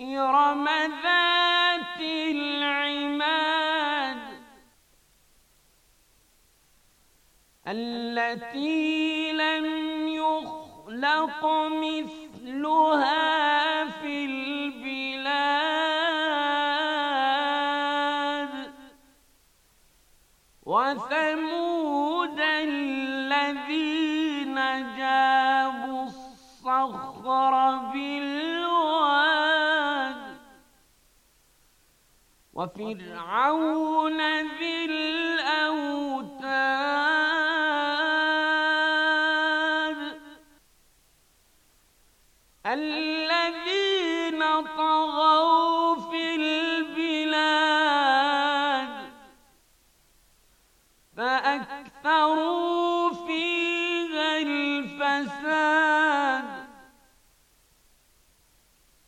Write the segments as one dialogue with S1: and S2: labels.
S1: إرم ذات العماد التي لم يخلق مثلها وفرعون ذي الأوتاد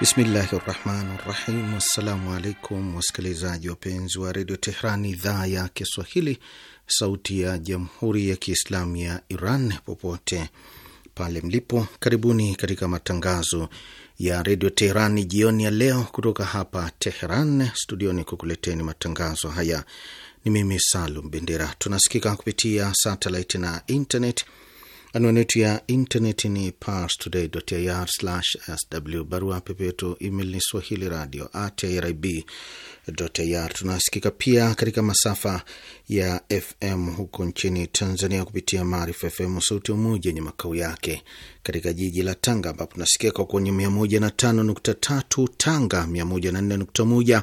S2: Bismillahi rahmani rahim. Wassalamu alaikum wasikilizaji wapenzi wa redio Tehran, idhaa ya Kiswahili, sauti ya jamhuri ya kiislamu ya Iran, popote pale mlipo, karibuni katika matangazo ya redio Teherani jioni ya leo, kutoka hapa Teheran studioni kukuleteni matangazo haya. Ni mimi Salum Bendera. Tunasikika kupitia satelit na internet Anwani yetu ya intaneti ni parstoday.ir/sw. Barua pepe yetu email ni swahili radio at irib.ir. Tunasikika pia katika masafa ya FM huko nchini Tanzania kupitia Maarifa FM Sauti ya Umoja yenye makao yake katika jiji la Tanga, ambapo tunasikika kwenye tatu Tanga, moja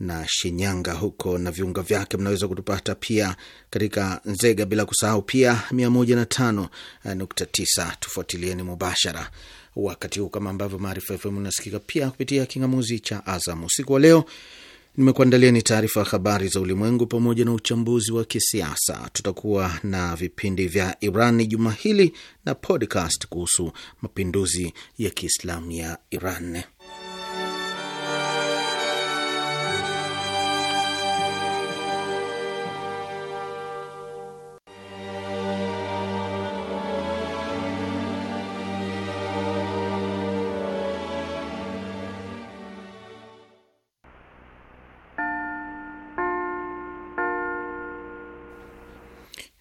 S2: na Shinyanga huko na viunga vyake. Mnaweza kutupata pia katika Nzega, bila kusahau pia 105.9. Tufuatilieni mubashara wakati huu, kama ambavyo Maarifa FM unasikika pia kupitia kingamuzi cha Azam. Usiku wa leo nimekuandalia ni taarifa ya habari za ulimwengu pamoja na uchambuzi wa kisiasa. Tutakuwa na vipindi vya Iran juma hili na podcast kuhusu mapinduzi ya Kiislamu ya Iran.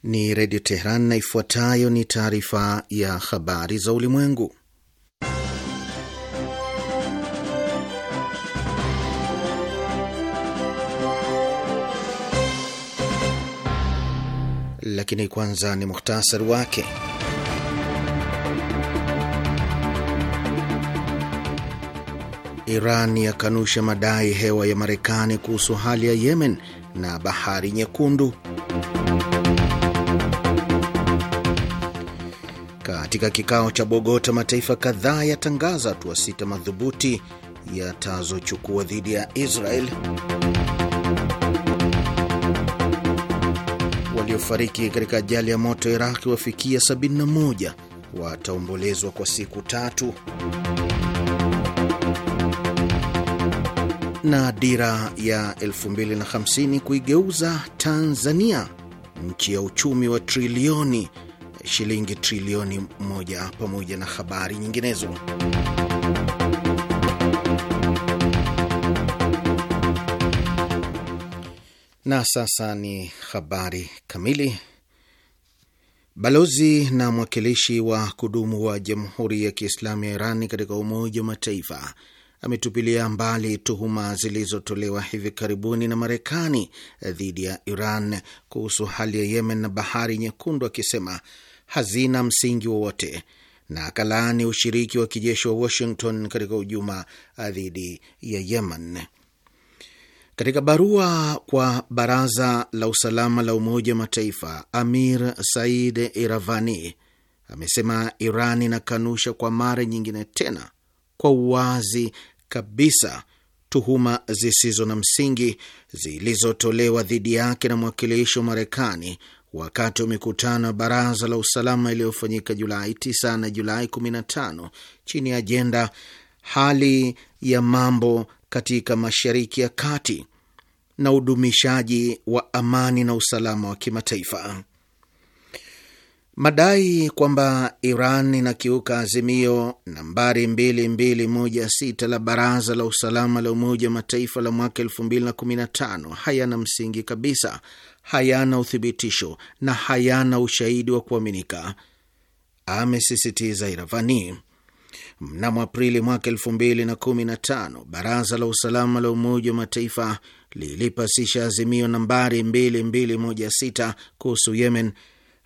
S2: ni Redio Teheran na ifuatayo ni taarifa ya habari za ulimwengu. Lakini kwanza ni muhtasari wake. Iran yakanusha madai hewa ya Marekani kuhusu hali ya Yemen na Bahari Nyekundu. Katika kikao cha Bogota, mataifa kadhaa yatangaza hatua sita madhubuti yatazochukua dhidi ya Israel. Waliofariki katika ajali ya moto Iraqi wafikia 71 wataombolezwa kwa siku tatu. Na dira ya 2050 kuigeuza Tanzania nchi ya uchumi wa trilioni shilingi trilioni moja pamoja na habari nyinginezo. Na sasa ni habari kamili. Balozi na mwakilishi wa kudumu wa Jamhuri ya Kiislamu ya Iran katika Umoja wa Mataifa ametupilia mbali tuhuma zilizotolewa hivi karibuni na Marekani dhidi ya Iran kuhusu hali ya Yemen na Bahari Nyekundu, akisema hazina msingi wowote na akalaani ushiriki wa kijeshi wa Washington katika hujuma dhidi ya Yemen. Katika barua kwa Baraza la Usalama la Umoja wa Mataifa, Amir Said Iravani amesema Iran inakanusha kwa mara nyingine tena kwa uwazi kabisa tuhuma zisizo na msingi zilizotolewa dhidi yake na mwakilishi wa Marekani wakati wa mikutano ya baraza la usalama iliyofanyika Julai 9 na Julai 15 chini ya ajenda hali ya mambo katika Mashariki ya Kati na udumishaji wa amani na usalama wa kimataifa. Madai kwamba Iran inakiuka azimio nambari 2216 la Baraza la Usalama la Umoja wa Mataifa la mwaka 2015 hayana msingi kabisa, hayana uthibitisho na hayana ushahidi wa kuaminika, amesisitiza Iravani. Mnamo Aprili mwaka elfu mbili na kumi na tano baraza la usalama la Umoja wa Mataifa lilipasisha azimio nambari 2216 kuhusu Yemen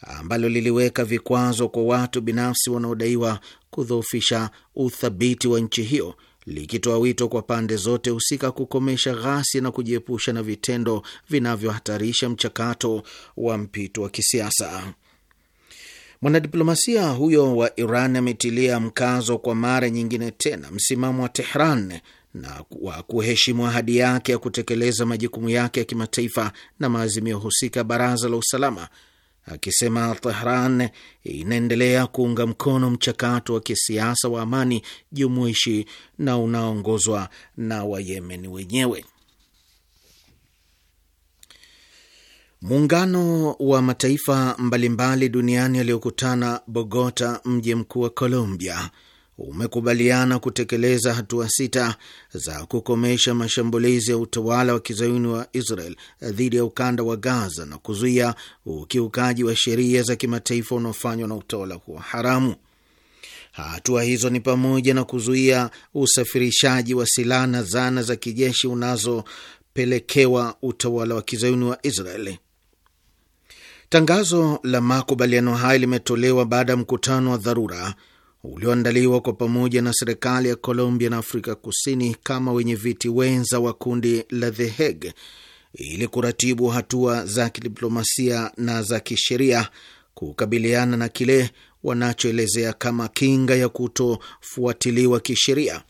S2: ambalo liliweka vikwazo kwa watu binafsi wanaodaiwa kudhoofisha uthabiti wa nchi hiyo likitoa wito kwa pande zote husika kukomesha ghasia na kujiepusha na vitendo vinavyohatarisha mchakato wa mpito wa kisiasa. Mwanadiplomasia huyo wa Iran ametilia mkazo kwa mara nyingine tena msimamo wa Tehran na wa kuheshimu ahadi yake ya kutekeleza majukumu yake ya kimataifa na maazimio husika Baraza la Usalama akisema Tehran inaendelea kuunga mkono mchakato wa kisiasa wa amani jumuishi na unaoongozwa na wayemen wenyewe. Muungano wa mataifa mbalimbali duniani yaliyokutana Bogota, mji mkuu wa Colombia, umekubaliana kutekeleza hatua sita za kukomesha mashambulizi ya utawala wa kizayuni wa Israel dhidi ya ukanda wa Gaza na kuzuia ukiukaji wa sheria za kimataifa unaofanywa na utawala huo haramu. Hatua hizo ni pamoja na kuzuia usafirishaji wa silaha na zana za kijeshi unazopelekewa utawala wa kizayuni wa israel Tangazo la makubaliano haya limetolewa baada ya mkutano wa dharura ulioandaliwa kwa pamoja na serikali ya Colombia na Afrika Kusini kama wenye viti wenza wa kundi la The Hague ili kuratibu hatua za kidiplomasia na za kisheria kukabiliana na kile wanachoelezea kama kinga ya kutofuatiliwa kisheria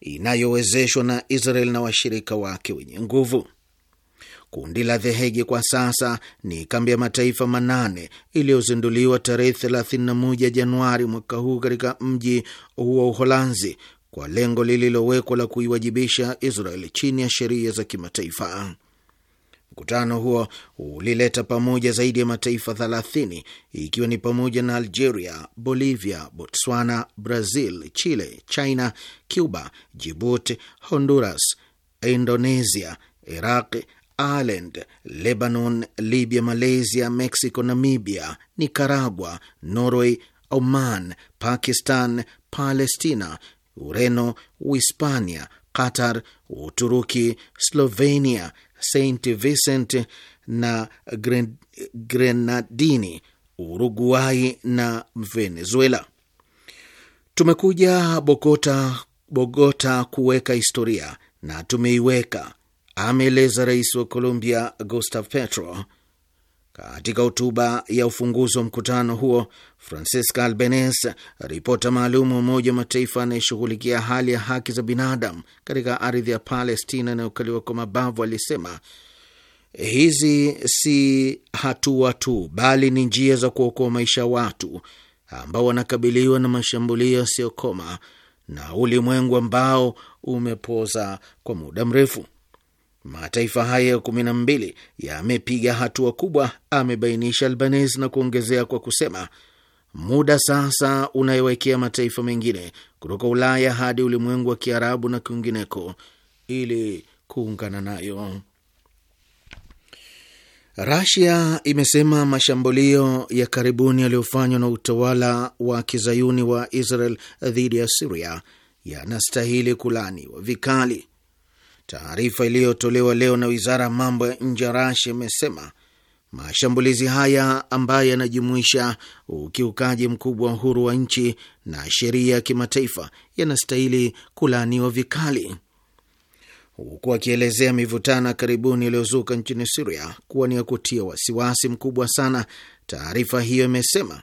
S2: inayowezeshwa na Israel na washirika wake wenye nguvu. Kundi la The Hague kwa sasa ni kambi ya mataifa manane iliyozinduliwa tarehe 31 Januari mwaka huu katika mji huo Uholanzi kwa lengo lililowekwa la kuiwajibisha Israel chini ya sheria za kimataifa. Mkutano huo ulileta pamoja zaidi ya mataifa 30 ikiwa ni pamoja na Algeria, Bolivia, Botswana, Brazil, Chile, China, Cuba, Jibuti, Honduras, Indonesia, Iraq, Ireland, Lebanon, Libya, Malaysia, Mexico, Namibia, Nicaragua, Norway, Oman, Pakistan, Palestina, Ureno, Uhispania, Qatar, Uturuki, Slovenia, St Vincent na Gren Grenadini, Uruguai na Venezuela. Tumekuja Bogota, Bogota kuweka historia na tumeiweka ameeleza rais wa Colombia Gustavo Petro. Katika hotuba ya ufunguzi wa mkutano huo, Francesca Albanese, ripota maalum wa Umoja wa Mataifa anayeshughulikia hali ya haki za binadamu katika ardhi ya Palestina inayokaliwa kwa mabavu, alisema hizi si hatua tu, bali ni njia za kuokoa maisha ya watu ambao wanakabiliwa na mashambulio yasiyokoma na ulimwengu ambao umepoza kwa muda mrefu mataifa hayo kumi na mbili yamepiga hatua kubwa, amebainisha Albanese na kuongezea kwa kusema muda sasa unayowekea mataifa mengine kutoka Ulaya hadi ulimwengu wa Kiarabu na kwingineko ili kuungana nayo. Rasia imesema mashambulio ya karibuni yaliyofanywa na utawala wa kizayuni wa Israel dhidi ya Siria yanastahili kulaaniwa vikali. Taarifa iliyotolewa leo na wizara ya mambo ya nje ya Rasia imesema mashambulizi haya ambayo yanajumuisha ukiukaji mkubwa wa uhuru wa nchi na sheria ya kimataifa yanastahili kulaaniwa vikali, huku akielezea mivutano ya karibuni iliyozuka nchini Siria kuwa ni ya kutia wasiwasi mkubwa sana. Taarifa hiyo imesema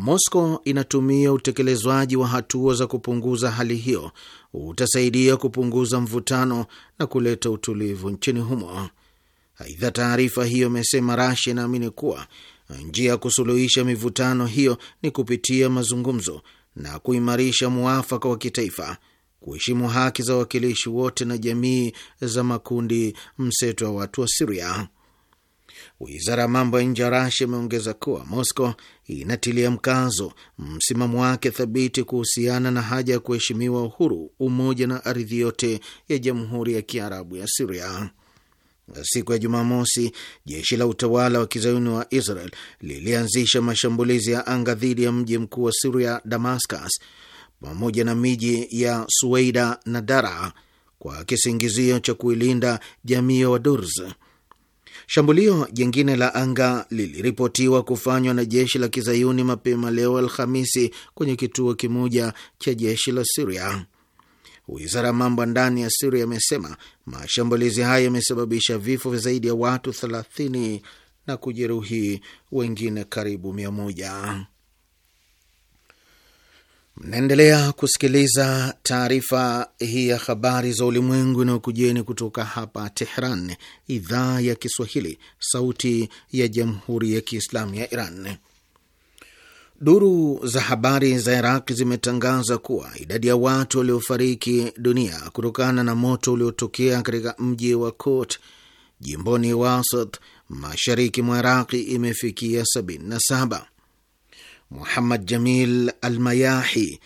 S2: Moscow inatumia utekelezwaji wa hatua za kupunguza hali hiyo utasaidia kupunguza mvutano na kuleta utulivu nchini humo. Aidha, taarifa hiyo imesema Rasia inaamini kuwa njia ya kusuluhisha mivutano hiyo ni kupitia mazungumzo na kuimarisha muafaka wa kitaifa, kuheshimu haki za wawakilishi wote na jamii za makundi mseto wa watu wa Siria. Wizara ya mambo ya nje ya Rasia imeongeza kuwa Moscow inatilia mkazo msimamo wake thabiti kuhusiana na haja ya kuheshimiwa uhuru, umoja na ardhi yote ya Jamhuri ya Kiarabu ya Siria. Siku ya Jumamosi, jeshi la utawala wa kizayuni wa Israel lilianzisha mashambulizi ya anga dhidi ya mji mkuu wa Siria, Damascus, pamoja na miji ya Suweida na Dara kwa kisingizio cha kuilinda jamii ya wadurs Shambulio jingine la anga liliripotiwa kufanywa na jeshi la kizayuni mapema leo Alhamisi kwenye kituo kimoja cha jeshi la Siria. Wizara ya mambo ya ndani ya Siria imesema mashambulizi hayo yamesababisha vifo vya zaidi ya watu 30 na kujeruhi wengine karibu mia moja. Mnaendelea kusikiliza taarifa hii ya habari za ulimwengu inayokujieni kutoka hapa Tehran, idhaa ya Kiswahili, sauti ya jamhuri ya kiislamu ya Iran. Duru za habari za Iraq zimetangaza kuwa idadi ya watu waliofariki dunia kutokana na moto uliotokea katika mji wa Kut jimboni Wasat mashariki mwa Iraqi imefikia 77. Muhammad Jamil Almayahi,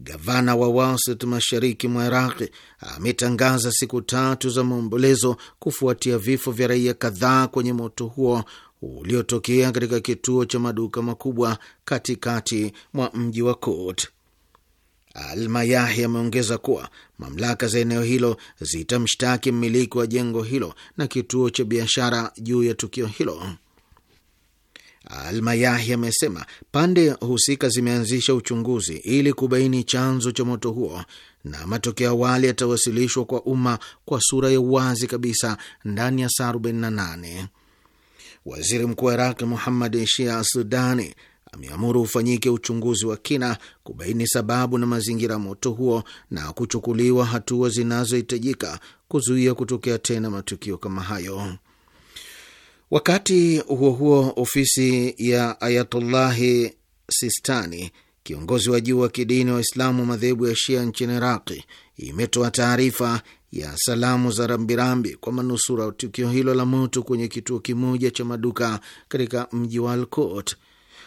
S2: gavana wa Wasit mashariki mwa Iraqi, ametangaza siku tatu za maombolezo kufuatia vifo vya raia kadhaa kwenye moto huo uliotokea katika kituo cha maduka makubwa katikati mwa mji wa Kut. Almayahi ameongeza kuwa mamlaka za eneo hilo zitamshtaki mmiliki wa jengo hilo na kituo cha biashara juu ya tukio hilo. Almayahi amesema pande husika zimeanzisha uchunguzi ili kubaini chanzo cha moto huo na matokeo awali yatawasilishwa kwa umma kwa sura ya uwazi kabisa ndani ya saa 48. Waziri Mkuu wa Iraq Muhammad Shia Sudani ameamuru ufanyike uchunguzi wa kina kubaini sababu na mazingira ya moto huo na kuchukuliwa hatua zinazohitajika kuzuia kutokea tena matukio kama hayo. Wakati huo huo, ofisi ya Ayatullahi Sistani, kiongozi wa juu wa kidini wa Islamu madhehebu ya Shia nchini Iraqi, imetoa taarifa ya salamu za rambirambi kwa manusura tukio hilo la moto kwenye kituo kimoja cha maduka katika mji wa Alkot.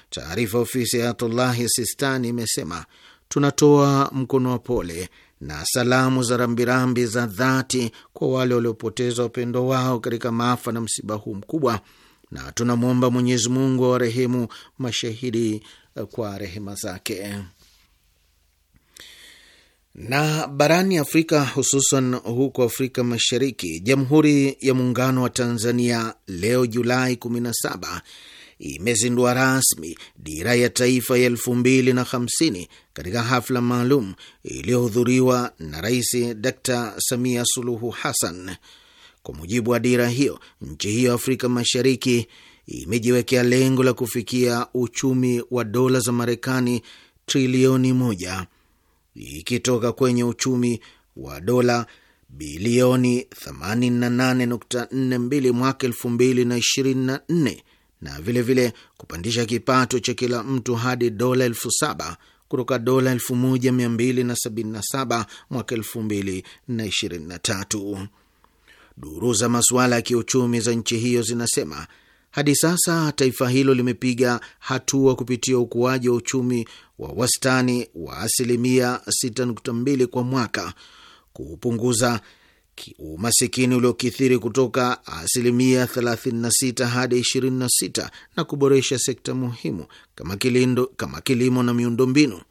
S2: Taarifa ofisi ya Ayatullahi Sistani imesema tunatoa mkono wa pole na salamu za rambirambi za dhati kwa wale waliopoteza wapendo wao katika maafa na msiba huu mkubwa, na tunamwomba Mwenyezi Mungu awarehemu mashahidi eh, kwa rehema zake. Na barani Afrika, hususan huko Afrika Mashariki, Jamhuri ya Muungano wa Tanzania leo Julai imezindua rasmi dira ya taifa ya elfu mbili na hamsini katika hafla maalum iliyohudhuriwa na Rais Dkt Samia Suluhu Hassan. Kwa mujibu wa dira hiyo, nchi hiyo ya Afrika Mashariki imejiwekea lengo la kufikia uchumi wa dola za Marekani trilioni moja ikitoka kwenye uchumi wa dola bilioni 88.42 mwaka 2024 na vilevile vile kupandisha kipato cha kila mtu hadi dola elfu saba kutoka dola saba mwaka tatu. Duru za masuala ya kiuchumi za nchi hiyo zinasema hadi sasa taifa hilo limepiga hatua kupitia ukuaji wa uchumi wa wastani wa asilimia 6.2 kwa mwaka kupunguza umasikini uliokithiri kutoka asilimia 36 hadi 26 na kuboresha sekta muhimu kama, kilindo, kama kilimo na miundombinu.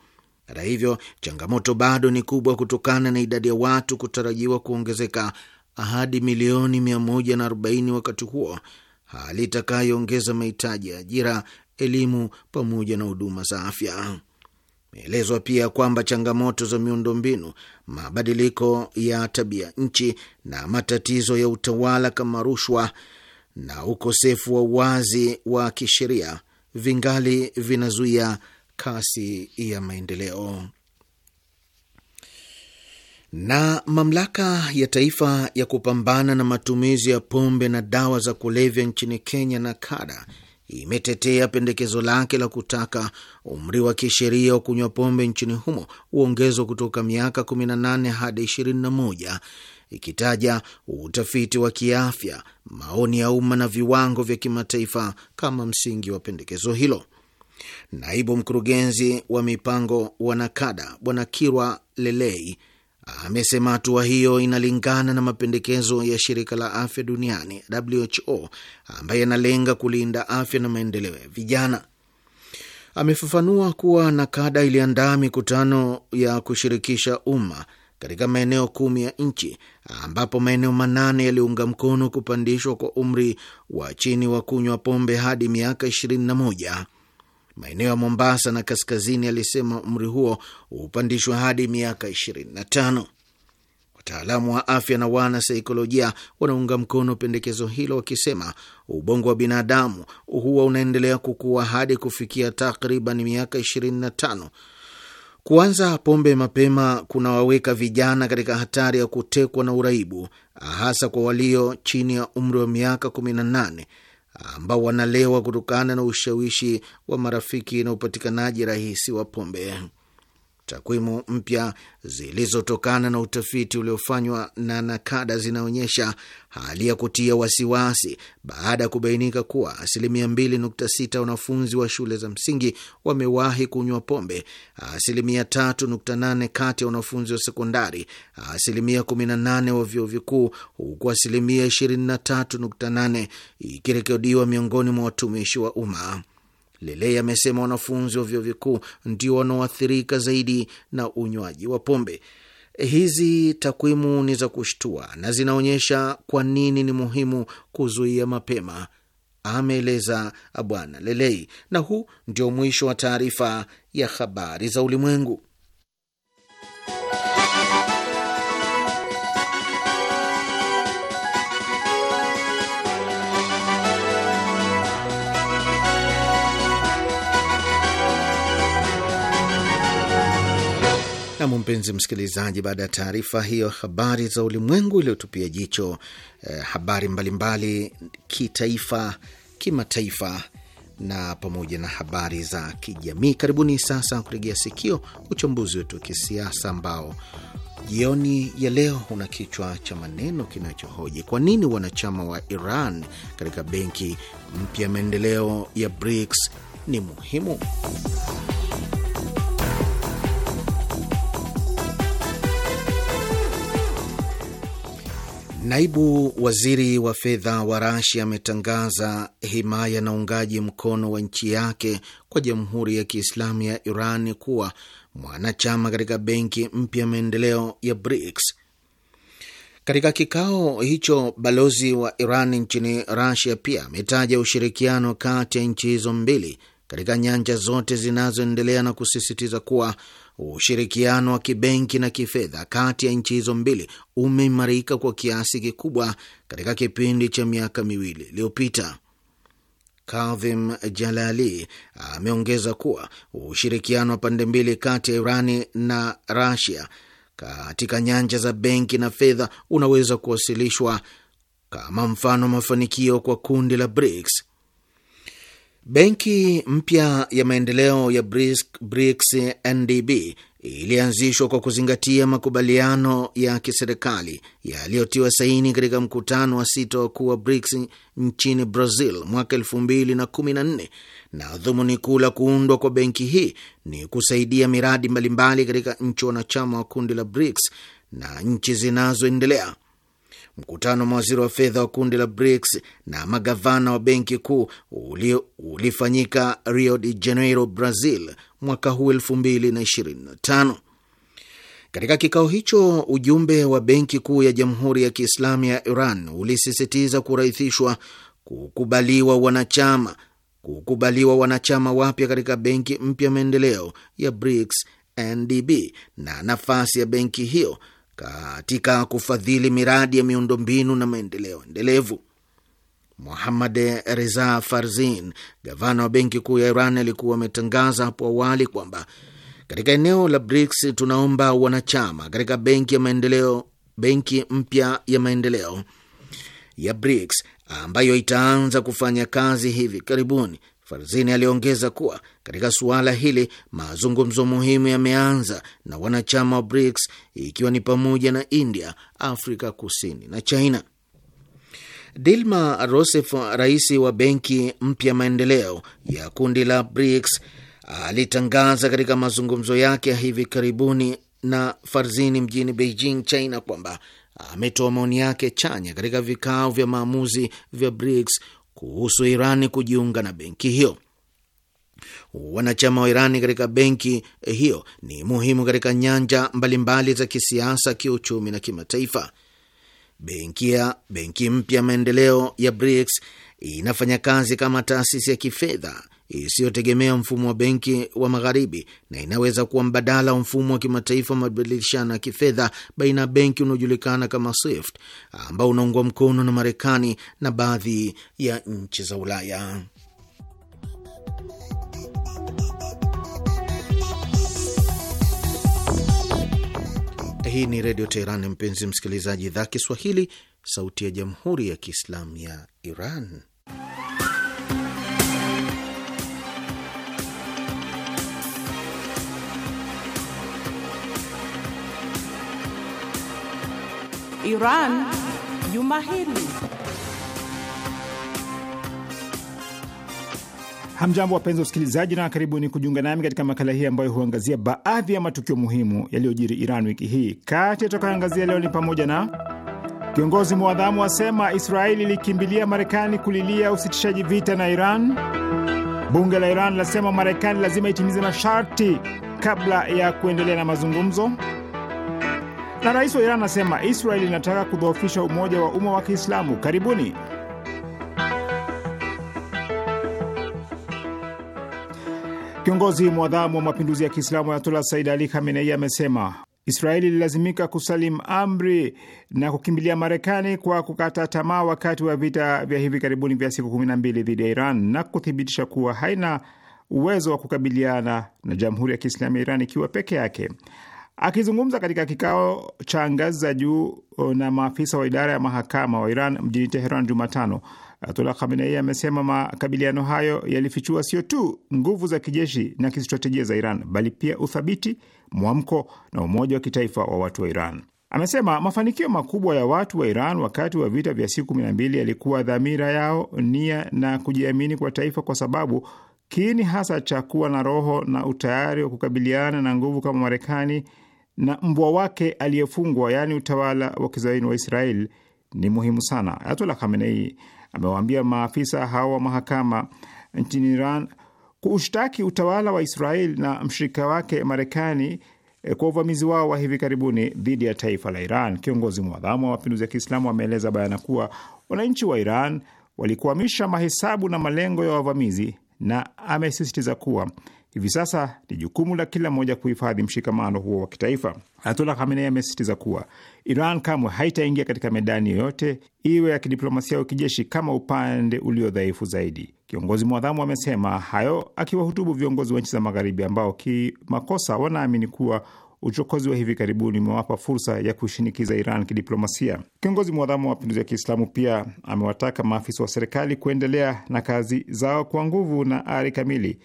S2: Hata hivyo, changamoto bado ni kubwa kutokana na idadi ya watu kutarajiwa kuongezeka hadi milioni 140 wakati huo, hali itakayoongeza mahitaji ya ajira, elimu pamoja na huduma za afya. Imeelezwa pia kwamba changamoto za miundombinu, mabadiliko ya tabia nchi na matatizo ya utawala kama rushwa na ukosefu wa uwazi wa kisheria vingali vinazuia kasi ya maendeleo. Na mamlaka ya taifa ya kupambana na matumizi ya pombe na dawa za kulevya nchini Kenya, na kada imetetea pendekezo lake la kutaka umri wa kisheria wa kunywa pombe nchini humo uongezwa kutoka miaka 18 hadi 21 ikitaja utafiti wa kiafya, maoni ya umma na viwango vya kimataifa kama msingi wa pendekezo hilo. Naibu mkurugenzi wa mipango wa Nakada Bwana Kirwa Lelei amesema hatua hiyo inalingana na mapendekezo ya shirika la afya duniani WHO ambaye yanalenga kulinda afya na maendeleo ya vijana. Amefafanua kuwa NACADA iliandaa mikutano ya kushirikisha umma katika maeneo kumi ya nchi ambapo maeneo manane yaliunga mkono kupandishwa kwa umri wa chini wa kunywa pombe hadi miaka moja maeneo ya Mombasa na kaskazini, alisema umri huo hupandishwa hadi miaka 25. Wataalamu wa afya na wana saikolojia wanaunga mkono pendekezo hilo, wakisema ubongo wa binadamu huwa unaendelea kukua hadi kufikia takriban miaka 25. Kuanza pombe mapema kunawaweka vijana katika hatari ya kutekwa na uraibu, hasa kwa walio chini ya umri wa miaka 18 ambao wanalewa kutokana na ushawishi wa marafiki na upatikanaji rahisi wa pombe. Takwimu mpya zilizotokana na utafiti uliofanywa na Nakada zinaonyesha hali ya kutia wasiwasi baada ya kubainika kuwa asilimia 2.6 wanafunzi wa shule za msingi wamewahi kunywa pombe, asilimia 3.8 kati ya wanafunzi wa sekondari, asilimia 18 wa vyuo vikuu, huku asilimia 23.8 ikirekodiwa miongoni mwa watumishi wa umma. Lelei amesema wanafunzi wa vyuo vikuu ndio wanaoathirika zaidi na unywaji wa pombe. Hizi takwimu ni za kushtua na zinaonyesha kwa nini ni muhimu kuzuia mapema, ameeleza Bwana Lelei. Na huu ndio mwisho wa taarifa ya habari za ulimwengu. Nam, mpenzi msikilizaji, baada ya taarifa hiyo habari za ulimwengu iliyotupia jicho eh, habari mbalimbali kitaifa, kimataifa na pamoja na habari za kijamii, karibuni sasa kurejea sikio uchambuzi wetu wa kisiasa ambao jioni ya leo una kichwa cha maneno kinachohoji kwa nini wanachama wa Iran katika benki mpya ya maendeleo ya BRICS ni muhimu. Naibu waziri wa fedha wa Rasia ametangaza himaya na uungaji mkono wa nchi yake kwa Jamhuri ya Kiislamu ya Iran kuwa mwanachama katika benki mpya ya maendeleo ya BRICS. Katika kikao hicho, balozi wa Iran nchini Rasia pia ametaja ushirikiano kati ya nchi hizo mbili katika nyanja zote zinazoendelea na kusisitiza kuwa ushirikiano wa kibenki na kifedha kati ya nchi hizo mbili umeimarika kwa kiasi kikubwa katika kipindi cha miaka miwili iliyopita. Kadhim Jalali ameongeza kuwa ushirikiano wa pande mbili kati ya Irani na Rasia katika nyanja za benki na fedha unaweza kuwasilishwa kama mfano mafanikio kwa kundi la BRICS Benki mpya ya maendeleo ya BRICS NDB ilianzishwa kwa kuzingatia makubaliano ya kiserikali yaliyotiwa saini katika mkutano wa sita wakuu wa BRICS nchini Brazil mwaka elfu mbili na kumi na nne na dhumuni kuu la kuundwa kwa benki hii ni kusaidia miradi mbalimbali katika nchi wanachama wa kundi la BRICS na nchi zinazoendelea. Mkutano wa mawaziri wa fedha wa kundi la BRICS na magavana wa benki kuu ulifanyika Rio de Janeiro, Brazil, mwaka huu 2025. Katika kikao hicho ujumbe wa benki kuu ya Jamhuri ya Kiislamu ya Iran ulisisitiza kurahisishwa kukubaliwa wanachama kukubaliwa wanachama wapya katika benki mpya maendeleo ya BRICS NDB na nafasi ya benki hiyo katika kufadhili miradi ya miundombinu na maendeleo endelevu. Muhamad Reza Farzin, gavana wa benki kuu ya Iran, alikuwa ametangaza hapo awali kwamba katika eneo la BRICS tunaomba wanachama katika benki ya maendeleo, benki mpya ya maendeleo ya BRICS ambayo itaanza kufanya kazi hivi karibuni Farzini aliongeza kuwa katika suala hili mazungumzo muhimu yameanza na wanachama wa BRICS ikiwa ni pamoja na India, Afrika Kusini na China. Dilma Rousseff, rais wa benki mpya maendeleo ya kundi la BRICS, alitangaza katika mazungumzo yake ya hivi karibuni na Farzini mjini Beijing, China, kwamba ametoa maoni yake chanya katika vikao vya maamuzi vya BRICS kuhusu Irani kujiunga na benki hiyo. Wanachama wa Irani katika benki hiyo ni muhimu katika nyanja mbalimbali za kisiasa, kiuchumi na kimataifa. Benki ya benki mpya maendeleo ya BRICS inafanya kazi kama taasisi ya kifedha isiyotegemea mfumo wa benki wa magharibi na inaweza kuwa mbadala wa mfumo wa kimataifa wa mabadilishano ya kifedha baina ya benki unaojulikana kama SWIFT ambao unaungwa mkono na Marekani na baadhi ya nchi za Ulaya. Hii ni Redio Teheran, mpenzi msikilizaji, idhaa Kiswahili, sauti ya Jamhuri ya Kiislamu ya Iran.
S3: Iran juma hili.
S4: Hamjambo, wapenzi usikilizaji na karibuni kujiunga nami katika makala hii ambayo huangazia baadhi ya matukio muhimu yaliyojiri Iran wiki hii. Kati yatakayoangazia leo ni pamoja na kiongozi mwadhamu asema Israeli ilikimbilia Marekani kulilia usitishaji vita na Iran, bunge la Iran lasema Marekani lazima itimize masharti kabla ya kuendelea na mazungumzo na rais wa Iran anasema Israeli inataka kudhoofisha umoja wa umma wa Kiislamu. Karibuni. Kiongozi mwadhamu wa mapinduzi ya Kiislamu anatola Said Ali Khamenei amesema Israeli ililazimika kusalim amri na kukimbilia Marekani kwa kukata tamaa wakati wa vita vya hivi karibuni vya siku kumi na mbili dhidi ya Iran na kuthibitisha kuwa haina uwezo wa kukabiliana na jamhuri ya Kiislamu ya Iran ikiwa peke yake. Akizungumza katika kikao cha ngazi za juu uh, na maafisa wa idara ya mahakama wa Iran mjini Teheran Jumatano, Ayatollah Khamenei amesema makabiliano hayo yalifichua sio tu nguvu za kijeshi na kistratejia za Iran bali pia uthabiti, mwamko na umoja wa kitaifa wa watu wa Iran. Amesema mafanikio makubwa ya watu wa Iran wakati wa vita vya siku kumi na mbili yalikuwa dhamira yao, nia na kujiamini kwa taifa, kwa sababu kiini hasa cha kuwa na roho na utayari wa kukabiliana na nguvu kama Marekani na mbwa wake aliyefungwa, yaani utawala wa kizaini wa Israel ni muhimu sana. Ayatollah Khamenei amewaambia maafisa hawa wa mahakama nchini Iran kuushtaki utawala wa Israel na mshirika wake Marekani eh, kwa uvamizi wao wa hivi karibuni dhidi ya taifa la Iran. Kiongozi mwadhamu wa mapinduzi ya Kiislamu ameeleza bayana kuwa wananchi wa Iran walikwamisha mahesabu na malengo ya wavamizi, na amesisitiza kuwa Hivi sasa ni jukumu la kila mmoja kuhifadhi mshikamano huo wa kitaifa. Ayatullah Khamenei amesisitiza kuwa Iran kamwe haitaingia katika medani yoyote, iwe ya kidiplomasia au kijeshi, kama upande ulio dhaifu zaidi. Kiongozi mwadhamu amesema hayo akiwahutubu viongozi wa nchi za Magharibi ambao kimakosa wanaamini kuwa uchokozi wa hivi karibuni umewapa fursa ya kushinikiza Iran kidiplomasia. Kiongozi mwadhamu wa mapinduzi ya Kiislamu pia amewataka maafisa wa serikali kuendelea na kazi zao kwa nguvu na ari kamili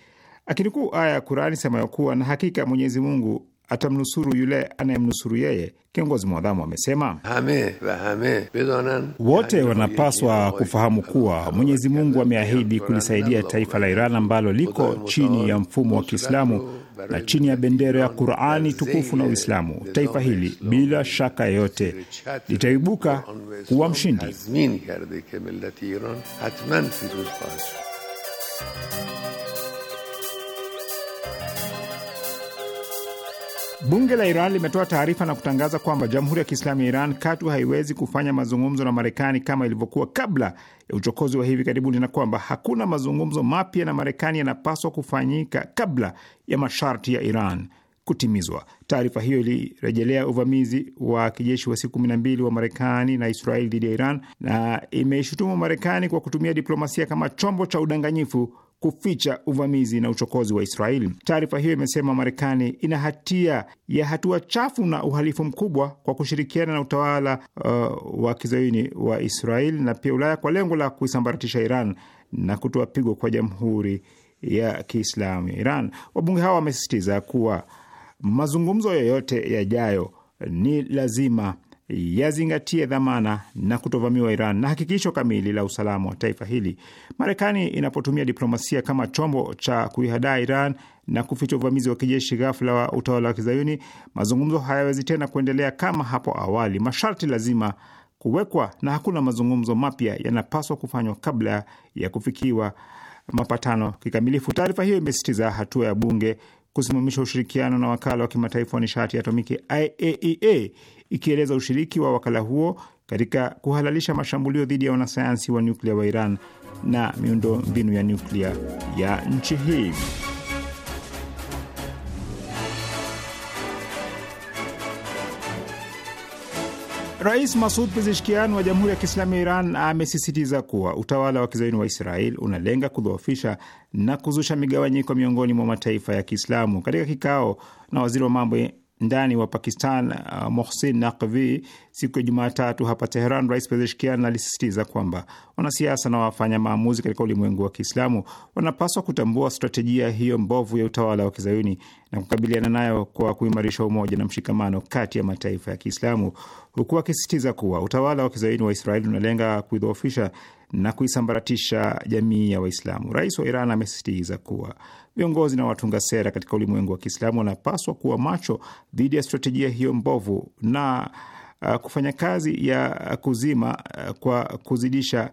S4: Akinukuu aya ya Kurani semayo kuwa na hakika Mwenyezi Mungu atamnusuru yule anayemnusuru yeye. Kiongozi mwadhamu amesema wote wanapaswa kufahamu kuwa Mwenyezi Mungu ameahidi kulisaidia taifa la Iran ambalo liko chini ya mfumo wa Kiislamu na chini ya bendera ya Qurani tukufu na Uislamu. Taifa hili bila shaka yoyote litaibuka kuwa mshindi. Bunge la Iran limetoa taarifa na kutangaza kwamba Jamhuri ya Kiislamu ya Iran katu haiwezi kufanya mazungumzo na Marekani kama ilivyokuwa kabla ya uchokozi wa hivi karibuni, na kwamba hakuna mazungumzo mapya na Marekani yanapaswa kufanyika kabla ya masharti ya Iran kutimizwa. Taarifa hiyo ilirejelea uvamizi wa kijeshi wa siku kumi na mbili wa Marekani na Israeli dhidi ya Iran na imeishutumu Marekani kwa kutumia diplomasia kama chombo cha udanganyifu kuficha uvamizi na uchokozi wa Israeli. Taarifa hiyo imesema Marekani ina hatia ya hatua chafu na uhalifu mkubwa kwa kushirikiana na utawala uh, wa kizayuni wa Israeli na pia Ulaya kwa lengo la kuisambaratisha Iran na kutoa pigo kwa Jamhuri ya Kiislamu ya Iran. Wabunge hawa wamesisitiza kuwa mazungumzo yoyote yajayo ni lazima yazingatie dhamana na kutovamiwa Iran na hakikisho kamili la usalama wa taifa hili. Marekani inapotumia diplomasia kama chombo cha kuihadaa Iran na kuficha uvamizi wa kijeshi ghafla wa utawala wa Kizayuni, mazungumzo hayawezi tena kuendelea kama hapo awali. Masharti lazima kuwekwa na hakuna mazungumzo mapya yanapaswa kufanywa kabla ya kufikiwa mapatano kikamilifu. Taarifa hiyo imesisitiza hatua ya bunge kusimamisha ushirikiano na wakala wa kimataifa wa nishati ya atomiki IAEA e ikieleza ushiriki wa wakala huo katika kuhalalisha mashambulio dhidi ya wanasayansi wa nyuklia wa Iran na miundo mbinu ya nyuklia ya nchi hii. Rais Masud Pezeshkian wa Jamhuri ya Kiislamu ya Iran amesisitiza kuwa utawala wa kizaini wa Israel unalenga kudhoofisha na kuzusha migawanyiko miongoni mwa mataifa ya Kiislamu. Katika kikao na waziri wa mambo ndani wa Pakistan uh, Mohsin Naqvi siku ya Jumatatu hapa Teheran, Rais Pezeshkian alisisitiza kwamba wanasiasa na wafanya maamuzi katika ulimwengu wa Kiislamu wanapaswa kutambua strategia hiyo mbovu ya utawala wa kizayuni na kukabiliana nayo kwa kuimarisha umoja na mshikamano kati ya mataifa ya Kiislamu, huku akisisitiza kuwa utawala wa kizayuni wa Israeli unalenga kuidhoofisha na kuisambaratisha jamii ya Waislamu. Rais wa Iran amesisitiza kuwa Viongozi na watunga sera katika ulimwengu wa Kiislamu wanapaswa kuwa macho dhidi ya stratejia hiyo mbovu na uh, kufanya kazi ya kuzima uh, kwa kuzidisha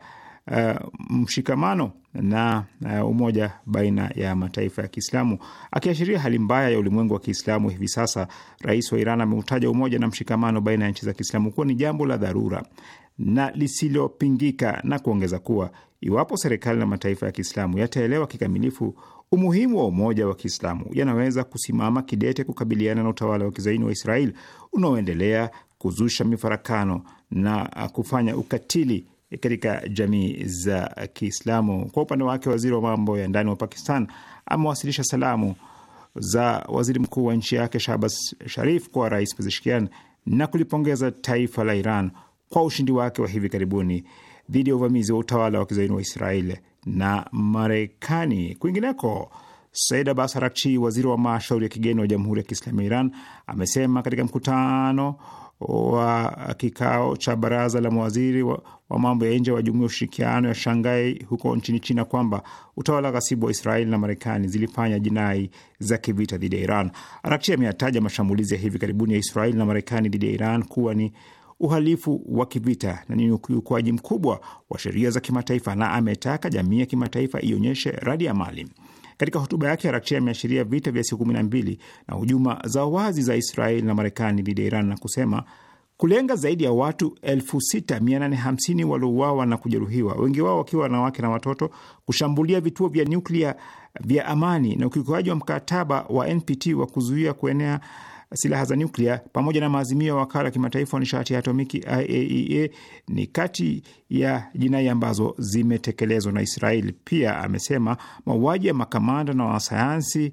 S4: Uh, mshikamano na uh, umoja baina ya mataifa ya Kiislamu. Akiashiria hali mbaya ya ulimwengu wa Kiislamu hivi sasa, rais wa Iran ameutaja umoja na mshikamano baina ya nchi za Kiislamu kuwa ni jambo la dharura na lisilopingika, na kuongeza kuwa iwapo serikali na mataifa ya Kiislamu yataelewa kikamilifu umuhimu wa umoja wa Kiislamu yanaweza kusimama kidete kukabiliana na utawala wa kizaini wa Israel unaoendelea kuzusha mifarakano na kufanya ukatili katika jamii za Kiislamu. Kwa upande wake, waziri wa mambo ya ndani wa Pakistan amewasilisha salamu za waziri mkuu wa nchi yake Shahbaz Sharif kwa Rais Pezeshkian na kulipongeza taifa la Iran kwa ushindi wake wa hivi karibuni dhidi ya uvamizi wa utawala wa kizaini wa Israeli na Marekani. Kwingineko, Said Abbas Arakchi, waziri wa mashauri ya kigeni wa Jamhuri ya Kiislamu ya Iran, amesema katika mkutano wa kikao cha baraza la mawaziri wa, wa mambo ya nje wa Jumuiya ya Ushirikiano ya Shangai huko nchini China kwamba utawala ghasibu wa Israeli na Marekani zilifanya jinai za kivita dhidi ya Iran. Arakchi ameyataja mashambulizi ya hivi karibuni ya Israeli na Marekani dhidi ya Iran kuwa ni uhalifu wa kivita na ni ukiukwaji mkubwa wa sheria za kimataifa, na ametaka jamii ya kimataifa ionyeshe radi ya mali. Katika hotuba yake, Arakchi ameashiria vita vya siku kumi na mbili na hujuma za wazi za Israeli na Marekani dhidi ya Iran na kusema kulenga zaidi ya watu 6850 waliouawa na kujeruhiwa, wengi wao wakiwa wanawake na watoto, kushambulia vituo vya nyuklia vya amani na ukiukaji wa mkataba wa NPT wa kuzuia kuenea silaha za nyuklia pamoja na maazimio ya wakala wa kimataifa wa nishati ya atomiki IAEA e ni kati ya jinai ambazo zimetekelezwa na Israeli. Pia amesema mauaji ya makamanda na wanasayansi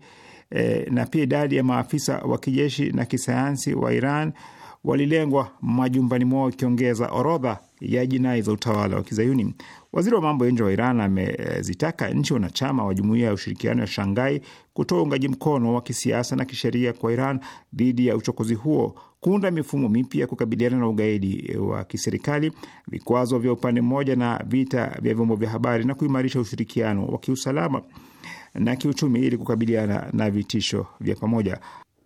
S4: e, eh, na pia idadi ya maafisa wa kijeshi na kisayansi wa Iran walilengwa majumbani mwao, ikiongeza orodha ya jinai za utawala wa Kizayuni. Waziri wa mambo ya nje wa Iran amezitaka nchi wanachama wa jumuiya ya ushirikiano ya Shangai kutoa uungaji mkono wa kisiasa na kisheria kwa Iran dhidi ya uchokozi huo, kuunda mifumo mipya kukabiliana na ugaidi wa kiserikali, vikwazo vya upande mmoja na vita vya vyombo vya habari, na kuimarisha ushirikiano wa kiusalama na kiuchumi ili kukabiliana na vitisho vya pamoja.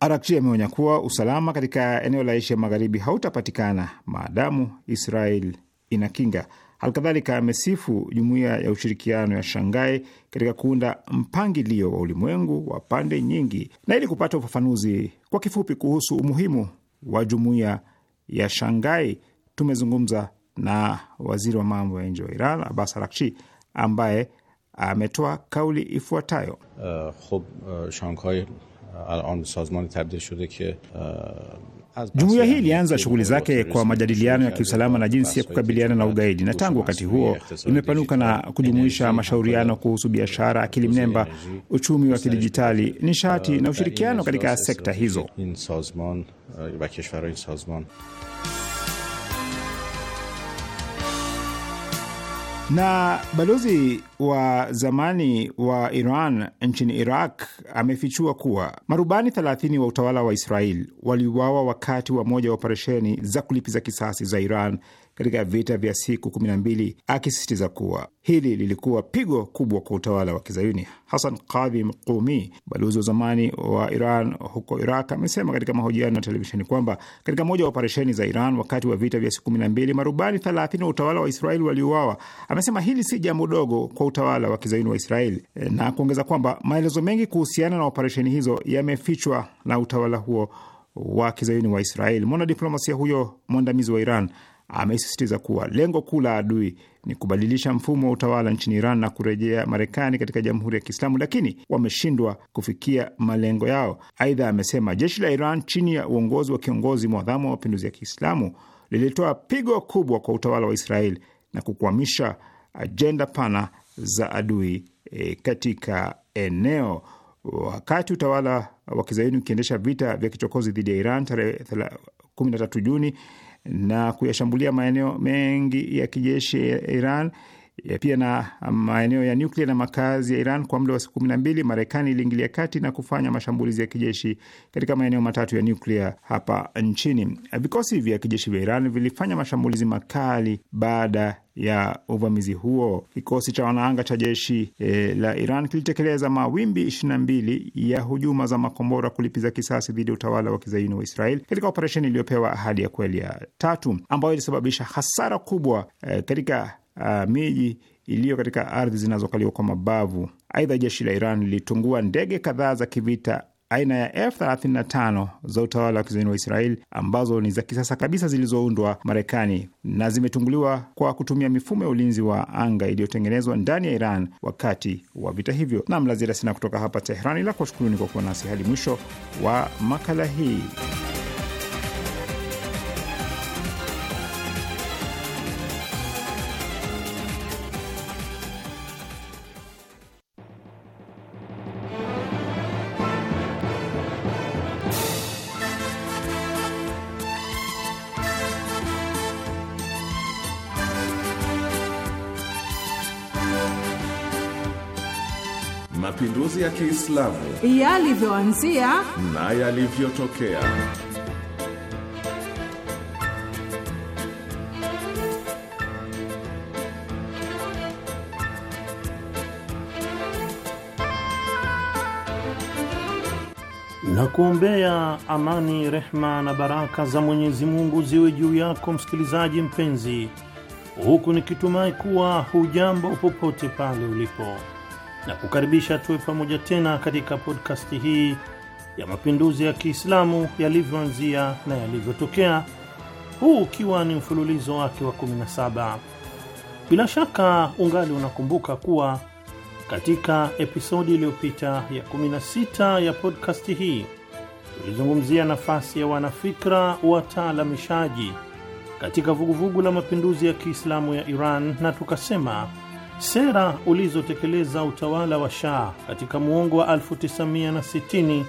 S4: Arakchi ameonya kuwa usalama katika eneo la Asia Magharibi hautapatikana maadamu Israel inakinga. Halikadhalika amesifu jumuiya ya ushirikiano ya Shangai katika kuunda mpangilio wa ulimwengu wa pande nyingi. Na ili kupata ufafanuzi kwa kifupi kuhusu umuhimu wa jumuiya ya Shangai, tumezungumza na waziri wa mambo ya nje wa Iran Abbas Arakchi ambaye ametoa kauli ifuatayo. Uh, khub, uh, الان سازمان تبدیل شده که Jumuiya hii ilianza shughuli zake kwa majadiliano ya kiusalama na jinsi ya kukabiliana na ugaidi, na tangu wakati huo imepanuka na kujumuisha mashauriano kuhusu biashara, akili mnemba, uchumi wa kidijitali, nishati na ushirikiano katika sekta hizo. Na balozi wa zamani wa Iran nchini Iraq amefichua kuwa marubani 30 wa utawala wa Israel waliuawa wakati wa moja wa operesheni za kulipiza kisasi za Iran katika vita vya siku 12 akisisitiza kuwa hili lilikuwa pigo kubwa kwa utawala wa Kizayuni. Hasan Kadhim Qumi, balozi wa zamani wa Iran huko Iraq, amesema katika mahojiano na televisheni kwamba katika moja wa operesheni za Iran wakati wa vita vya siku 12 marubani 30 wa utawala wa Israeli waliuawa. Amesema hili si jambo dogo kwa utawala wa Kizayuni wa Israeli na kuongeza kwamba maelezo mengi kuhusiana na operesheni hizo yamefichwa na utawala huo wa Kizayuni wa Israeli. Mwanadiplomasia huyo mwandamizi wa Iran amesisitiza kuwa lengo kuu la adui ni kubadilisha mfumo wa utawala nchini Iran na kurejea Marekani katika Jamhuri ya Kiislamu, lakini wameshindwa kufikia malengo yao. Aidha, amesema jeshi la Iran chini ya uongozi wa kiongozi mwadhamu wa mapinduzi ya Kiislamu lilitoa pigo kubwa kwa utawala wa Israeli na kukwamisha ajenda pana za adui e, katika eneo. Wakati utawala wa kizayuni ukiendesha vita vya kichokozi dhidi ya Iran tarehe 13 Juni na kuyashambulia maeneo mengi ya kijeshi ya Iran E, pia na maeneo ya nyuklia na makazi ya Iran kwa muda wa siku kumi na mbili, Marekani iliingilia kati na kufanya mashambulizi ya kijeshi katika maeneo matatu ya nyuklia hapa nchini. E, vikosi vya kijeshi vya Iran vilifanya mashambulizi makali baada ya uvamizi huo. Kikosi cha wanaanga cha jeshi e, la Iran kilitekeleza mawimbi 22 ya hujuma za makombora kulipiza kisasi dhidi ya utawala wa kizayuni wa Israel katika operesheni iliyopewa ahadi ya kweli ya tatu, ambayo ilisababisha hasara kubwa e, katika uh, miji iliyo katika ardhi zinazokaliwa kwa mabavu. Aidha, jeshi la Iran lilitungua ndege kadhaa za kivita aina ya F35 za utawala wa kizayuni wa Israel ambazo ni za kisasa kabisa zilizoundwa Marekani na zimetunguliwa kwa kutumia mifumo ya ulinzi wa anga iliyotengenezwa ndani ya Iran wakati wa vita hivyo. Nam lazira sina kutoka hapa Teherani, ila kuwashukuruni kwa kuwa nasi hadi mwisho wa makala hii.
S3: mapinduzi ya Kiislamu yalivyoanzia na yalivyotokea.
S5: na kuombea amani, rehma na baraka za Mwenyezi Mungu ziwe juu yako msikilizaji mpenzi, huku nikitumai kuwa hujambo popote pale ulipo na kukaribisha tuwe pamoja tena katika podkasti hii ya mapinduzi ya Kiislamu yalivyoanzia na yalivyotokea, huu ukiwa ni mfululizo wake wa 17. Bila shaka ungali unakumbuka kuwa katika episodi iliyopita ya 16 ya podkasti hii tulizungumzia nafasi ya wanafikra wataalamishaji katika vuguvugu la mapinduzi ya Kiislamu ya Iran na tukasema Sera ulizotekeleza utawala wa Shah katika muongo wa 1960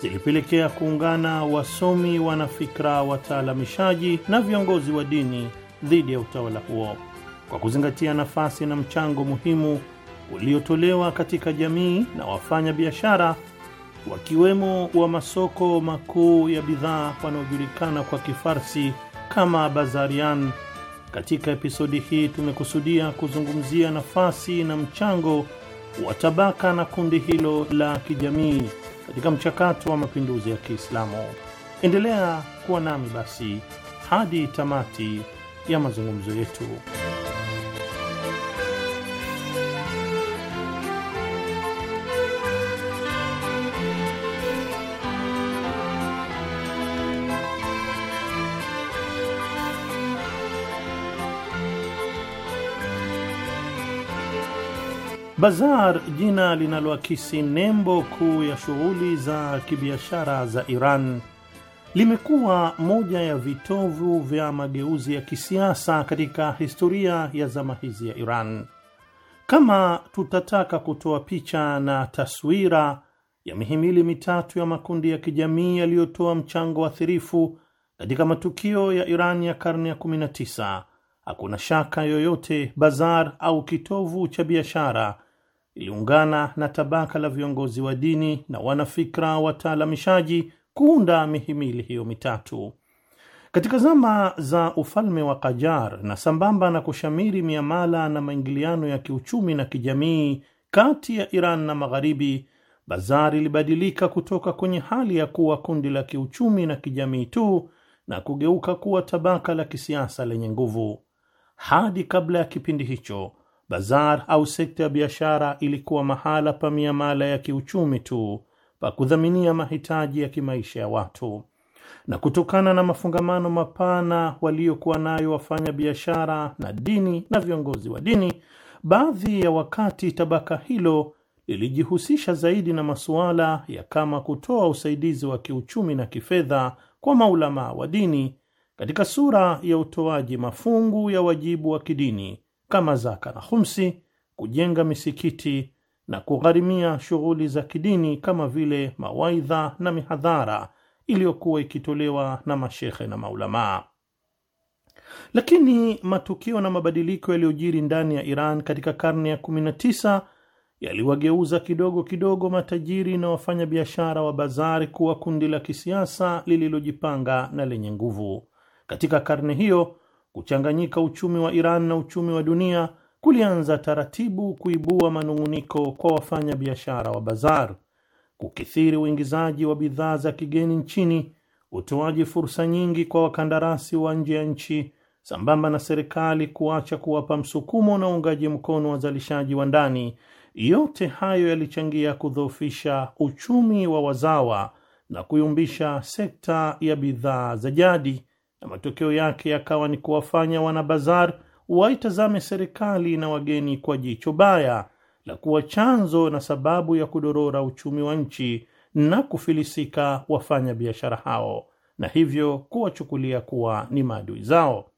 S5: zilipelekea kuungana wasomi, wanafikra, wataalamishaji na viongozi wa dini dhidi ya utawala huo. Kwa kuzingatia nafasi na mchango muhimu uliotolewa katika jamii na wafanya biashara wakiwemo wa masoko makuu ya bidhaa wanaojulikana kwa Kifarsi kama bazarian katika episodi hii tumekusudia kuzungumzia nafasi na mchango wa tabaka na kundi hilo la kijamii katika mchakato wa mapinduzi ya Kiislamu. Endelea kuwa nami basi hadi tamati ya mazungumzo yetu. Bazar, jina linaloakisi nembo kuu ya shughuli za kibiashara za Iran, limekuwa moja ya vitovu vya mageuzi ya kisiasa katika historia ya zama hizi ya Iran. Kama tutataka kutoa picha na taswira ya mihimili mitatu ya makundi ya kijamii yaliyotoa mchango athirifu katika matukio ya Iran ya karne ya 19, hakuna shaka yoyote bazar au kitovu cha biashara iliungana na tabaka la viongozi wa dini na wanafikra wataalamishaji kuunda mihimili hiyo mitatu. Katika zama za ufalme wa kajar na sambamba na kushamiri miamala na maingiliano ya kiuchumi na kijamii kati ya Iran na Magharibi, Bazar ilibadilika kutoka kwenye hali ya kuwa kundi la kiuchumi na kijamii tu na kugeuka kuwa tabaka la kisiasa lenye nguvu. Hadi kabla ya kipindi hicho Bazar au sekta ya biashara ilikuwa mahala pa miamala ya kiuchumi tu pa kudhaminia mahitaji ya kimaisha ya watu, na kutokana na mafungamano mapana waliokuwa nayo wafanya biashara na dini na viongozi wa dini, baadhi ya wakati tabaka hilo lilijihusisha zaidi na masuala ya kama kutoa usaidizi wa kiuchumi na kifedha kwa maulamaa wa dini katika sura ya utoaji mafungu ya wajibu wa kidini kama zaka na khumsi, kujenga misikiti na kugharimia shughuli za kidini kama vile mawaidha na mihadhara iliyokuwa ikitolewa na mashekhe na maulamaa. Lakini matukio na mabadiliko yaliyojiri ndani ya Iran katika karne ya 19 yaliwageuza kidogo kidogo matajiri na wafanyabiashara wa bazari kuwa kundi la kisiasa lililojipanga na lenye nguvu. Katika karne hiyo kuchanganyika uchumi wa Iran na uchumi wa dunia kulianza taratibu kuibua manung'uniko kwa wafanyabiashara wa bazar. Kukithiri uingizaji wa bidhaa za kigeni nchini, utoaji fursa nyingi kwa wakandarasi wa nje ya nchi, sambamba na serikali kuacha kuwapa msukumo na uungaji mkono wa wazalishaji wa ndani, yote hayo yalichangia kudhoofisha uchumi wa wazawa na kuyumbisha sekta ya bidhaa za jadi na matokeo yake yakawa ni kuwafanya wanabazar waitazame serikali na wageni kwa jicho baya la kuwa chanzo na sababu ya kudorora uchumi wa nchi na kufilisika wafanya biashara hao na hivyo kuwachukulia kuwa ni maadui zao.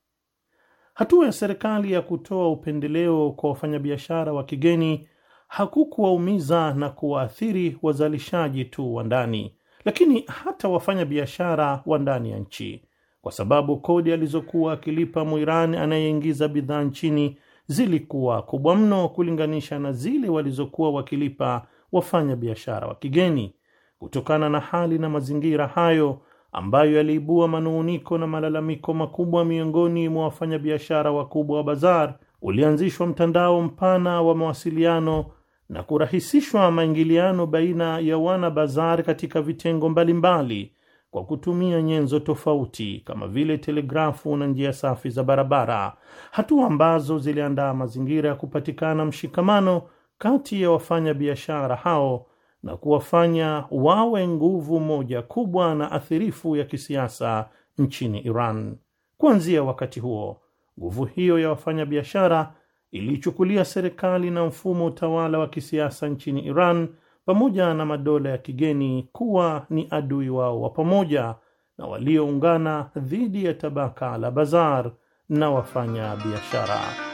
S5: Hatua ya serikali ya kutoa upendeleo kwa wafanyabiashara wa kigeni hakukuwaumiza na kuwaathiri wazalishaji tu wa ndani, lakini hata wafanyabiashara wa ndani ya nchi kwa sababu kodi alizokuwa akilipa Mwirani anayeingiza bidhaa nchini zilikuwa kubwa mno kulinganisha na zile walizokuwa wakilipa wafanya biashara wa kigeni. Kutokana na hali na mazingira hayo ambayo yaliibua manung'uniko na malalamiko makubwa miongoni mwa wafanyabiashara wakubwa wa bazar, ulianzishwa mtandao mpana wa mawasiliano na kurahisishwa maingiliano baina ya wana bazar katika vitengo mbalimbali kwa kutumia nyenzo tofauti kama vile telegrafu na njia safi za barabara, hatua ambazo ziliandaa mazingira ya kupatikana mshikamano kati ya wafanyabiashara hao na kuwafanya wawe nguvu moja kubwa na athirifu ya kisiasa nchini Iran. Kuanzia wakati huo, nguvu hiyo ya wafanyabiashara iliichukulia serikali na mfumo utawala wa kisiasa nchini Iran pamoja na madola ya kigeni kuwa ni adui wao wa pamoja na walioungana dhidi ya tabaka la bazar na wafanya biashara.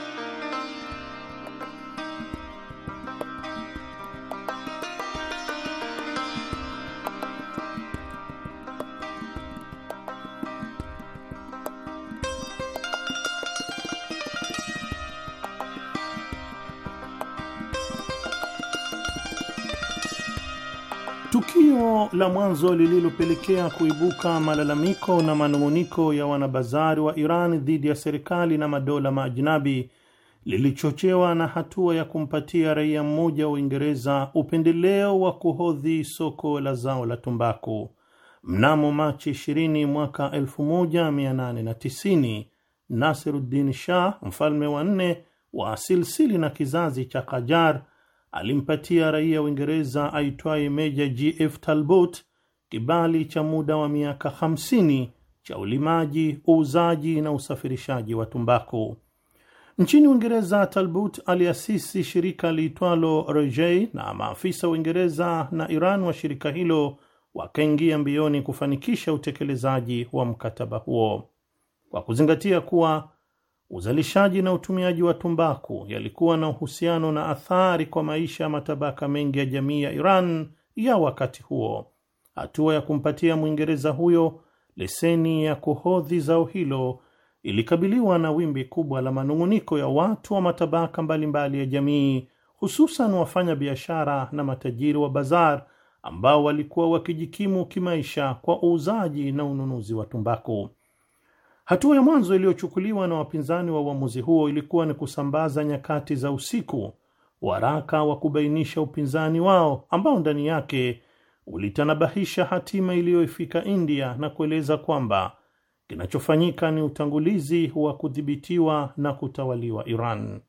S5: Tukio la mwanzo lililopelekea kuibuka malalamiko na manung'uniko ya wanabazari wa Iran dhidi ya serikali na madola maajinabi lilichochewa na hatua ya kumpatia raia mmoja wa Uingereza upendeleo wa kuhodhi soko la zao la tumbaku mnamo Machi 20 mwaka 1890, Nasiruddin Shah, mfalme wa nne wa silsili na kizazi cha Kajar alimpatia raia wa Uingereza aitwaye Meja GF Talbot kibali cha muda wa miaka 50 cha ulimaji, uuzaji na usafirishaji wa tumbaku nchini Uingereza. Talbot aliasisi shirika liitwalo Rejei, na maafisa wa Uingereza na Iran wa shirika hilo wakaingia mbioni kufanikisha utekelezaji wa mkataba huo kwa kuzingatia kuwa Uzalishaji na utumiaji wa tumbaku yalikuwa na uhusiano na athari kwa maisha ya matabaka mengi ya jamii ya Iran ya wakati huo. Hatua ya kumpatia Mwingereza huyo leseni ya kuhodhi zao hilo ilikabiliwa na wimbi kubwa la manung'uniko ya watu wa matabaka mbalimbali mbali ya jamii, hususan wafanya biashara na matajiri wa bazar ambao walikuwa wakijikimu kimaisha kwa uuzaji na ununuzi wa tumbaku. Hatua ya mwanzo iliyochukuliwa na wapinzani wa uamuzi huo ilikuwa ni kusambaza nyakati za usiku waraka wa kubainisha upinzani wao ambao ndani yake ulitanabahisha hatima iliyoifika India na kueleza kwamba kinachofanyika ni utangulizi wa kudhibitiwa na kutawaliwa Iran.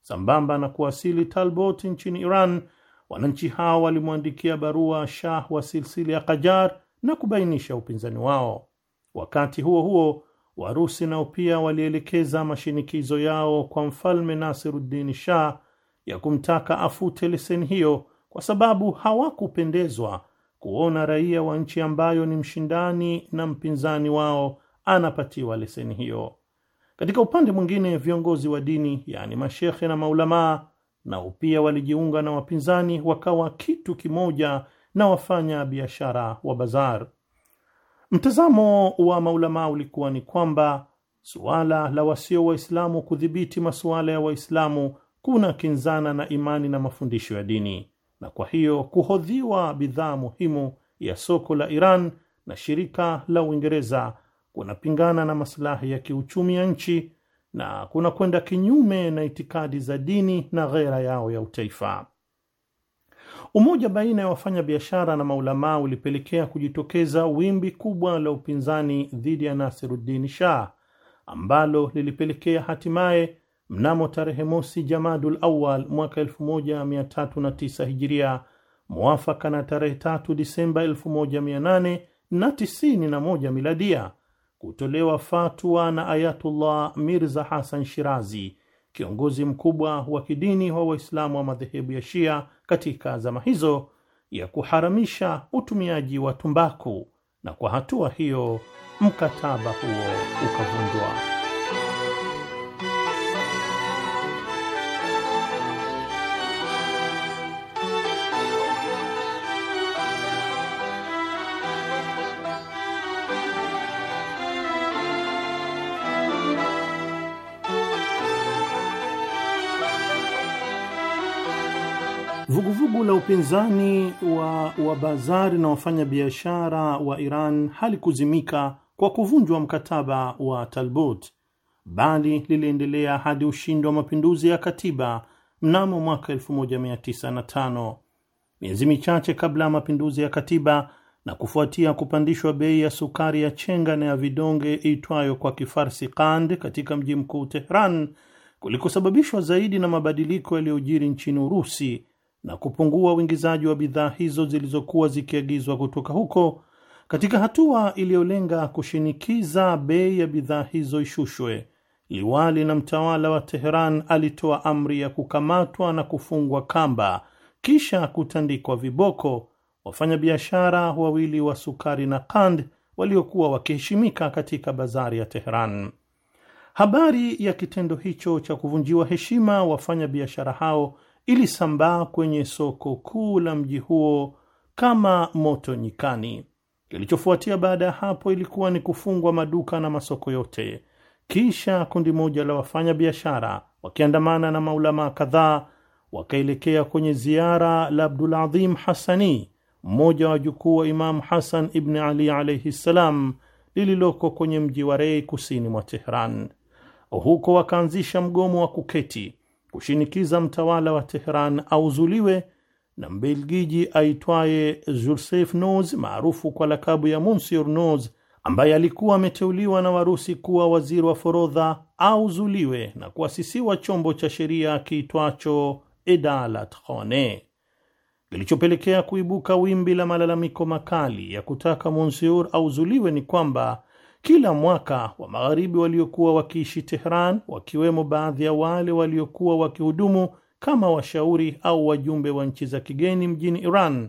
S5: Sambamba na kuwasili Talbot nchini Iran, wananchi hao walimwandikia barua Shah wa silsili ya Kajar na kubainisha upinzani wao. Wakati huo huo Warusi nao pia walielekeza mashinikizo yao kwa mfalme Nasiruddin Shah ya kumtaka afute leseni hiyo kwa sababu hawakupendezwa kuona raia wa nchi ambayo ni mshindani na mpinzani wao anapatiwa leseni hiyo. Katika upande mwingine, viongozi wa dini yaani mashekhe na maulamaa nao pia walijiunga na wapinzani, wakawa kitu kimoja na wafanya biashara wa bazar. Mtazamo wa maulamaa ulikuwa ni kwamba suala la wasio Waislamu kudhibiti masuala ya Waislamu kuna kinzana na imani na mafundisho ya dini, na kwa hiyo kuhodhiwa bidhaa muhimu ya soko la Iran na shirika la Uingereza kunapingana na masilahi ya kiuchumi ya nchi na kuna kwenda kinyume na itikadi za dini na ghera yao ya utaifa. Umoja baina ya wafanya biashara na maulamaa ulipelekea kujitokeza wimbi kubwa la upinzani dhidi ya Nasiruddin Shah ambalo lilipelekea hatimaye mnamo tarehe mosi Jamadul Awal mwaka 1309 Hijiria muafaka na tarehe 3 Disemba 1891 Miladia kutolewa fatwa na Ayatullah Mirza Hasan Shirazi kiongozi mkubwa wa kidini wa Waislamu wa madhehebu ya Shia katika zama hizo ya kuharamisha utumiaji wa tumbaku, na kwa hatua hiyo mkataba huo ukavunjwa. upinzani wa wabazari na wafanyabiashara wa Iran halikuzimika kwa kuvunjwa mkataba wa Talbot, bali liliendelea hadi ushindi wa mapinduzi ya katiba mnamo mwaka 1905. Miezi michache kabla ya mapinduzi ya katiba na kufuatia kupandishwa bei ya sukari ya chenga na ya vidonge iitwayo kwa Kifarsi Qand katika mji mkuu Tehran, kulikosababishwa zaidi na mabadiliko yaliyojiri nchini Urusi na kupungua uingizaji wa bidhaa hizo zilizokuwa zikiagizwa kutoka huko katika hatua iliyolenga kushinikiza bei ya bidhaa hizo ishushwe. Liwali na mtawala wa Teheran alitoa amri ya kukamatwa na kufungwa kamba kisha kutandikwa viboko wafanyabiashara wawili wa sukari na kand waliokuwa wakiheshimika katika bazari ya Teheran. Habari ya kitendo hicho cha kuvunjiwa heshima wafanyabiashara hao ilisambaa kwenye soko kuu la mji huo kama moto nyikani. Kilichofuatia baada ya hapo ilikuwa ni kufungwa maduka na masoko yote, kisha kundi moja la wafanya biashara wakiandamana na maulamaa kadhaa wakaelekea kwenye ziara la Abduladhim Hasani, mmoja wa jukuu wa Imamu Hasan ibni Ali alaihi ssalam, lililoko kwenye mji wa Rei kusini mwa teheran Huko wakaanzisha mgomo wa kuketi kushinikiza mtawala wa Teheran auzuliwe na Mbelgiji aitwaye Joseph Noz maarufu kwa lakabu ya Monsieur Noz ambaye alikuwa ameteuliwa na Warusi kuwa waziri wa forodha auzuliwe na kuasisiwa chombo cha sheria kiitwacho Khane kilichopelekea kuibuka wimbi la malalamiko makali ya kutaka Monsieur auzuliwe ni kwamba kila mwaka wa magharibi waliokuwa wakiishi Tehran, wakiwemo baadhi ya wale waliokuwa wakihudumu kama washauri au wajumbe wa nchi za kigeni mjini Iran,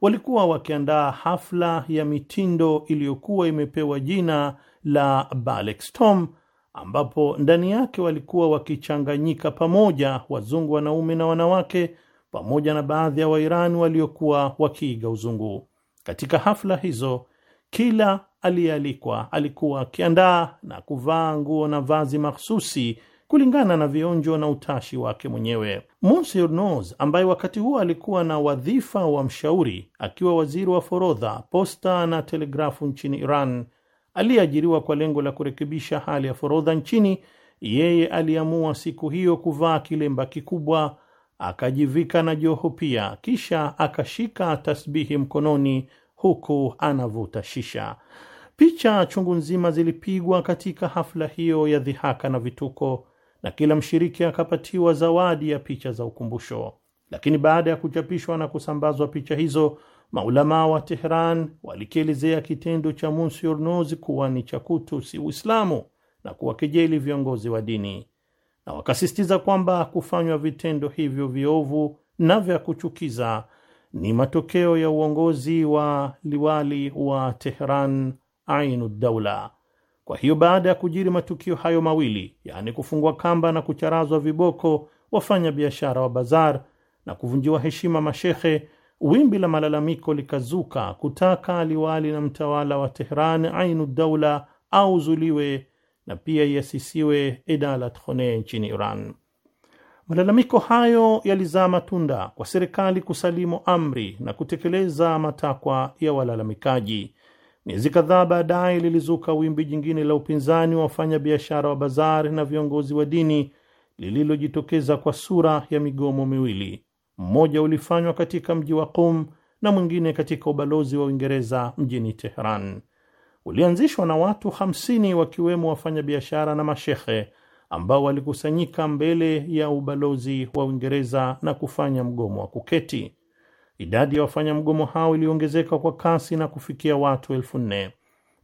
S5: walikuwa wakiandaa hafla ya mitindo iliyokuwa imepewa jina la balekstom ambapo ndani yake walikuwa wakichanganyika pamoja wazungu wanaume na wanawake pamoja na baadhi ya Wairani waliokuwa wakiiga uzungu. Katika hafla hizo, kila aliyealikwa alikuwa akiandaa na kuvaa nguo na vazi mahsusi kulingana na vionjo na utashi wake mwenyewe. Monsieur Noz, ambaye wakati huo alikuwa na wadhifa wa mshauri akiwa waziri wa forodha, posta na telegrafu nchini Iran, aliyeajiriwa kwa lengo la kurekebisha hali ya forodha nchini, yeye aliamua siku hiyo kuvaa kilemba kikubwa, akajivika na joho pia, kisha akashika tasbihi mkononi huku anavuta shisha. Picha chungu nzima zilipigwa katika hafla hiyo ya dhihaka na vituko, na kila mshiriki akapatiwa zawadi ya picha za ukumbusho. Lakini baada ya kuchapishwa na kusambazwa picha hizo, maulamaa wa Tehran walikielezea kitendo cha Munsi Urnozi kuwa ni cha si Uislamu na kuwakejeli viongozi wa dini, na wakasisitiza kwamba kufanywa vitendo hivyo viovu na vya kuchukiza ni matokeo ya uongozi wa liwali wa Tehran ainu daula. Kwa hiyo baada ya kujiri matukio hayo mawili, yaani kufungwa kamba na kucharazwa viboko wafanya biashara wa bazar na kuvunjiwa heshima mashehe, wimbi la malalamiko likazuka kutaka aliwali na mtawala wa Tehran ainu daula auzuliwe na pia iasisiwe Edalat Khone nchini Iran. Malalamiko hayo yalizaa matunda kwa serikali kusalimu amri na kutekeleza matakwa ya walalamikaji. Miezi kadhaa baadaye lilizuka wimbi jingine la upinzani wa wafanyabiashara wa bazari na viongozi wa dini lililojitokeza kwa sura ya migomo miwili, mmoja ulifanywa katika mji wa Qum na mwingine katika ubalozi wa Uingereza mjini Teheran. Ulianzishwa na watu 50 wakiwemo wafanyabiashara na mashehe ambao walikusanyika mbele ya ubalozi wa Uingereza na kufanya mgomo wa kuketi idadi ya wafanya mgomo hao iliongezeka kwa kasi na kufikia watu elfu nne.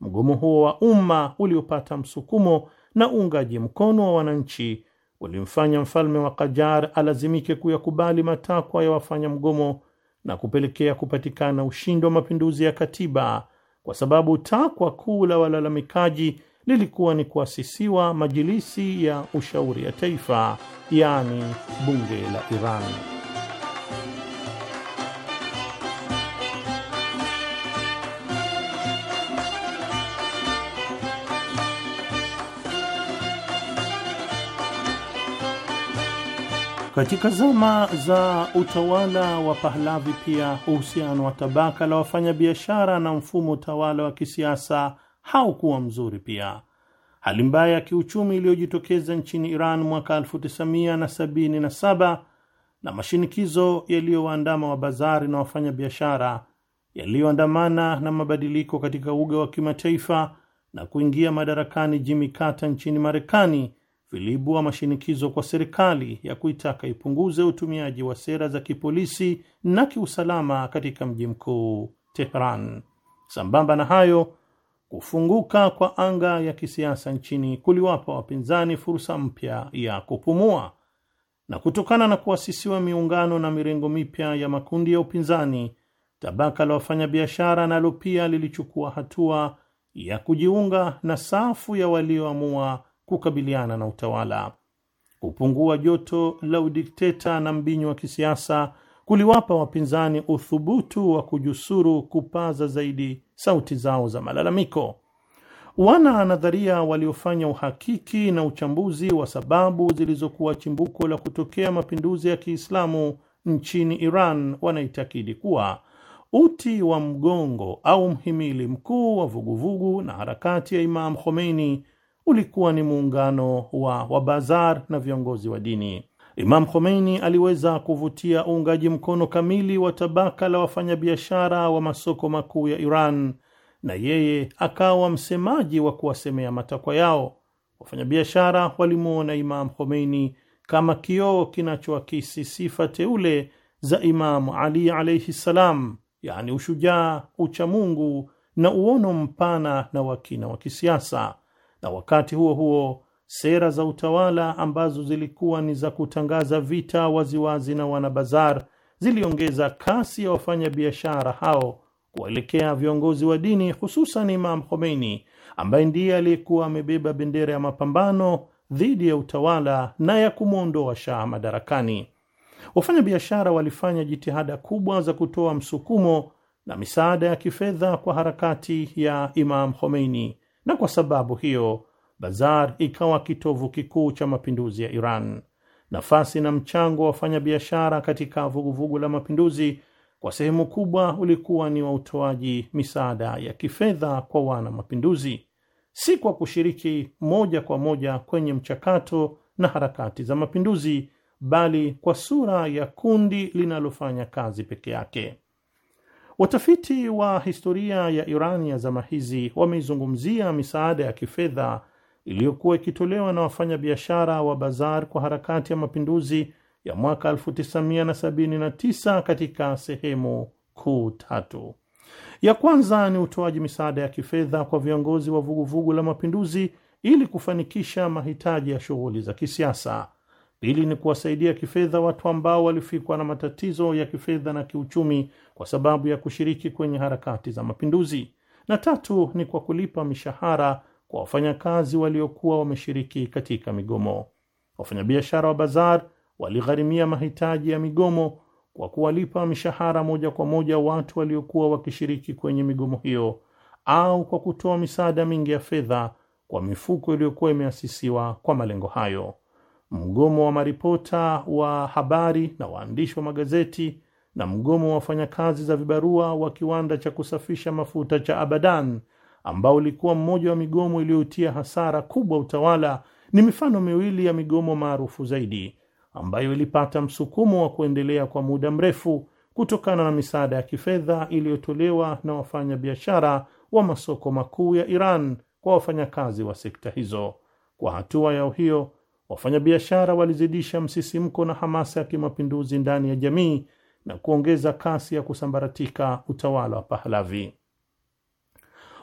S5: Mgomo huo wa umma uliopata msukumo na uungaji mkono wa wananchi ulimfanya mfalme wa Kajar alazimike kuyakubali matakwa ya wafanya mgomo na kupelekea kupatikana ushindi wa mapinduzi ya katiba, kwa sababu takwa kuu la walalamikaji lilikuwa ni kuasisiwa majilisi ya ushauri ya taifa, yaani bunge la Iran. Katika zama za utawala wa Pahlavi pia uhusiano wa tabaka la wafanyabiashara na mfumo utawala wa kisiasa haukuwa mzuri pia. Hali mbaya ya kiuchumi iliyojitokeza nchini Iran mwaka 1977 na, mashinikizo yaliyowaandama wa bazari na wafanyabiashara yaliyoandamana na mabadiliko katika uga wa kimataifa na kuingia madarakani Jimmy Carter nchini Marekani viliibua mashinikizo kwa serikali ya kuitaka ipunguze utumiaji wa sera za kipolisi na kiusalama katika mji mkuu Tehran. Sambamba na hayo, kufunguka kwa anga ya kisiasa nchini kuliwapa wapinzani fursa mpya ya kupumua, na kutokana na kuasisiwa miungano na mirengo mipya ya makundi ya upinzani, tabaka la wafanyabiashara nalo pia lilichukua hatua ya kujiunga na safu ya walioamua kukabiliana na utawala. Kupungua joto la udikteta na mbinyo wa kisiasa kuliwapa wapinzani uthubutu wa kujusuru kupaza zaidi sauti zao za malalamiko. Wana nadharia waliofanya uhakiki na uchambuzi wa sababu zilizokuwa chimbuko la kutokea mapinduzi ya Kiislamu nchini Iran wanaitakidi kuwa uti wa mgongo au mhimili mkuu wa vuguvugu na harakati ya Imam Khomeini ulikuwa ni muungano wa wabazar na viongozi wa dini. Imam Khomeini aliweza kuvutia uungaji mkono kamili wa tabaka la wafanyabiashara wa masoko makuu ya Iran, na yeye akawa msemaji wa kuwasemea matakwa yao. Wafanyabiashara walimwona Imam Khomeini kama kioo kinachoakisi sifa teule za Imamu Ali alaihi ssalam, yaani ushujaa, uchamungu na uono mpana na wakina wa kisiasa na wakati huo huo sera za utawala ambazo zilikuwa ni za kutangaza vita waziwazi na wanabazar ziliongeza kasi ya wafanyabiashara hao kuelekea viongozi wa dini, hususan Imam Khomeini ambaye ndiye aliyekuwa amebeba bendera ya mapambano dhidi ya utawala na ya kumwondoa Shah madarakani. Wafanyabiashara walifanya jitihada kubwa za kutoa msukumo na misaada ya kifedha kwa harakati ya Imam Khomeini na kwa sababu hiyo Bazar ikawa kitovu kikuu cha mapinduzi ya Iran. Nafasi na mchango wa wafanyabiashara katika vuguvugu la mapinduzi kwa sehemu kubwa ulikuwa ni wa utoaji misaada ya kifedha kwa wana mapinduzi, si kwa kushiriki moja kwa moja kwenye mchakato na harakati za mapinduzi, bali kwa sura ya kundi linalofanya kazi peke yake. Watafiti wa historia ya Iran ya zama hizi wameizungumzia misaada ya kifedha iliyokuwa ikitolewa na wafanyabiashara wa bazar kwa harakati ya mapinduzi ya mwaka 1979 katika sehemu kuu tatu. Ya kwanza ni utoaji misaada ya kifedha kwa viongozi wa vuguvugu vugu la mapinduzi ili kufanikisha mahitaji ya shughuli za kisiasa. Pili ni kuwasaidia kifedha watu ambao walifikwa na matatizo ya kifedha na kiuchumi kwa sababu ya kushiriki kwenye harakati za mapinduzi, na tatu ni kwa kulipa mishahara kwa wafanyakazi waliokuwa wameshiriki katika migomo. Wafanyabiashara wa bazar waligharimia mahitaji ya migomo kwa kuwalipa mishahara moja kwa moja watu waliokuwa wakishiriki kwenye migomo hiyo au kwa kutoa misaada mingi ya fedha kwa mifuko iliyokuwa imeasisiwa kwa malengo hayo mgomo wa maripota wa habari na waandishi wa magazeti na mgomo wa wafanyakazi za vibarua wa kiwanda cha kusafisha mafuta cha Abadan ambao ulikuwa mmoja wa migomo iliyotia hasara kubwa utawala, ni mifano miwili ya migomo maarufu zaidi ambayo ilipata msukumo wa kuendelea kwa muda mrefu kutokana na misaada ya kifedha iliyotolewa na wafanyabiashara wa masoko makuu ya Iran kwa wafanyakazi wa sekta hizo. Kwa hatua yao hiyo wafanyabiashara walizidisha msisimko na hamasa ya kimapinduzi ndani ya jamii na kuongeza kasi ya kusambaratika utawala wa Pahlavi.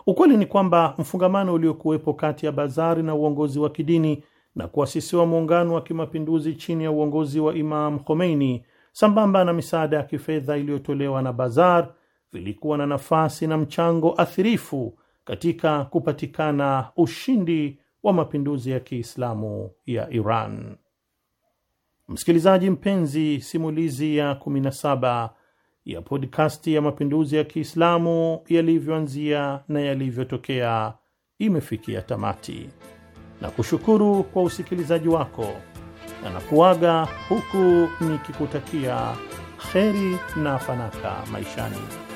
S5: Ukweli ni kwamba mfungamano uliokuwepo kati ya Bazari na uongozi wa kidini na kuasisiwa muungano wa kimapinduzi chini ya uongozi wa Imam Khomeini sambamba na misaada ya kifedha iliyotolewa na Bazar vilikuwa na nafasi na mchango athirifu katika kupatikana ushindi wa mapinduzi ya Kiislamu ya Iran. Msikilizaji mpenzi, simulizi ya 17 ya podkasti ya mapinduzi ya Kiislamu yalivyoanzia na yalivyotokea imefikia tamati na kushukuru kwa usikilizaji wako, na nakuaga huku nikikutakia kheri na fanaka maishani.